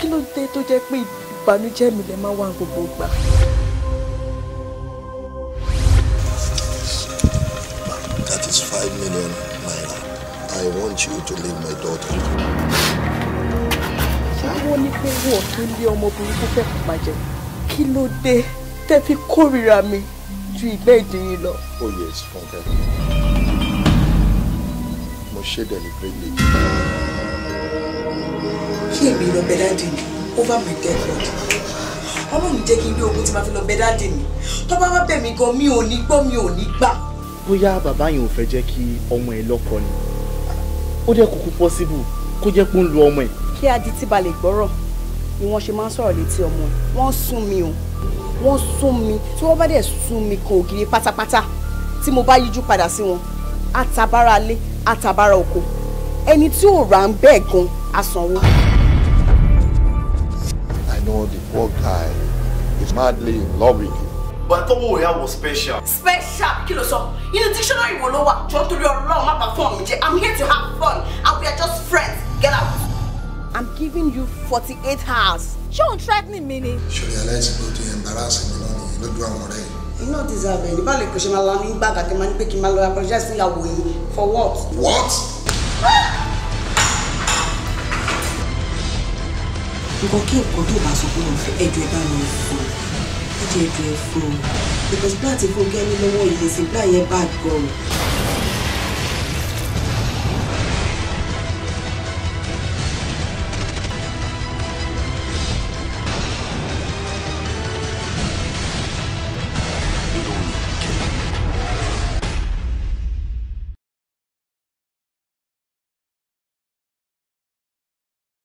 kí ló dé tó jẹ́ pé ìbànújẹ́ mi lè máa wà gbogbo gbà. That is five million naira. I want you to leave my daughter. Ṣáwọ́ ní pé wọ́n tó lé ọmọbìnrin tó fẹ́ pàpà jẹ. Kí ló dé tẹ́ fi kórìíra mi ju ìgbẹ́ ìdè yìí lọ? Oh yes, Funke. Mo ṣe deliberately kí èmi lọ bẹ dáàdì mi over my dead body ọlọ́run jẹ́ kí n rí ogun tí ma fi lọ bẹ dáàdì mi tó bá wá bẹ̀ mí gan mi ò ní gbọ́ mi ò ní gbà. bóyá bàbá yẹn ò fẹ́ jẹ́ kí ọmọ ẹ lọ́kọ ni ó jẹ́ kókó pọ́síbù kó jẹ́ pé ó ń lu ọmọ ẹ̀. kí adití ba gbọ́rọ̀ ni wọ́n ṣe máa ń sọ̀rọ̀ létí ọmọ ẹ̀ wọ́n sún mi o wọ́n sún mi tí wọ́n bá dẹ̀ sún mi kan ògiri pátápátá tí mo bá yíjú padà sí wọn àtàbára alé àtàbára oko ẹni tí ò rà ń bẹ́ẹ̀ gan asanwó know the poor guy is madly in love with you. But I thought Tomoya was special. Special? Kí ló In Inú dictionary wo ló wà? Jọ̀ọ́ torí Ọlọ́run má bà fún mi I'm here to have fun and we are just friends. Get out. I'm giving you 48 hours. Ṣé òun threatening mi ni? Ṣé o realize pé o ti embarrass mi lónìí lójú àwọn ọ̀rẹ́ yìí? You no deserve it. Báwo lè kò ṣe máa lanu ìgbàgàdé máa ní pé kí n máa lọ apologize fún ìyàwó yìí for what? What? Ah! nǹkan kí nǹkan tó bá sọ pé mo fẹ́ ẹjọ́ ẹ bá mi fún ẹjọ́ ẹjọ́ ẹ fún because plan ti fún gẹ́ni lọ́wọ́ ìyẹ̀sìn plan yẹn bad gan